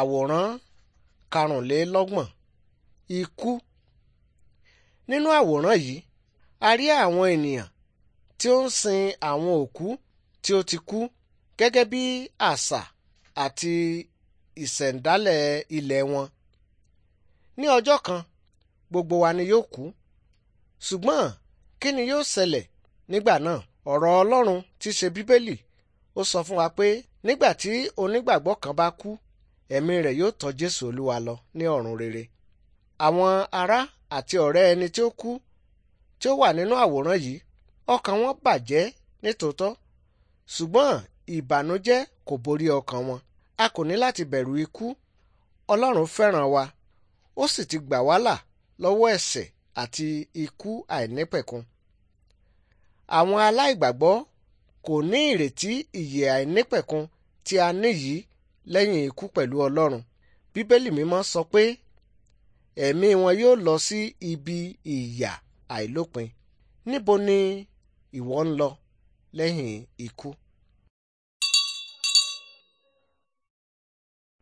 àwòrán karùnlélọ́gbọ̀n ikú nínú àwòrán yìí a rí àwọn ènìyàn tí ó ń sin àwọn òkú tí ó ti kú gẹ́gẹ́ bí àṣà àti ìṣẹ̀ǹdálẹ̀ ilẹ̀ wọn ní ọjọ́ kan gbogbo wa ni yóò kú ṣùgbọ́n kí ni yóò ṣẹlẹ̀ nígbà náà ọ̀rọ̀ Ọlọ́run ti ṣe Bíbélì ó sọ fún wa pé nígbà tí onígbàgbọ́ kan bá kú ẹ̀mí rẹ̀ yóò tọ́ Jésù Olúwa lọ ní ọ̀run rere. Àwọn ará àti ọ̀rẹ́ ẹni tí ó kú tí ó wà nínú àwòrán yìí ọkàn wọn bàjẹ́ nítòótọ́ ṣùgbọ́n ìbànújẹ́ kò borí ọkàn wọn a kò ní láti bẹ̀rù ikú Ọlọ́run fẹ́ràn wa ó sì ti gbà wá là lọ́wọ́ ẹ̀ṣẹ̀ àti ikú àìnípẹ̀kun àwọn aláìgbàgbọ́ kò ní ìrètí ìyè àìnípẹ̀kun tí a ní yìí lẹ́yìn ikú pẹ̀lú Ọlọ́run bíbélì mímọ́ sọ pé ẹ̀mí wọn yóò lọ sí ibi ìyà àìlópin níbo ni ìwọ ń lọ lẹ́yìn ikú.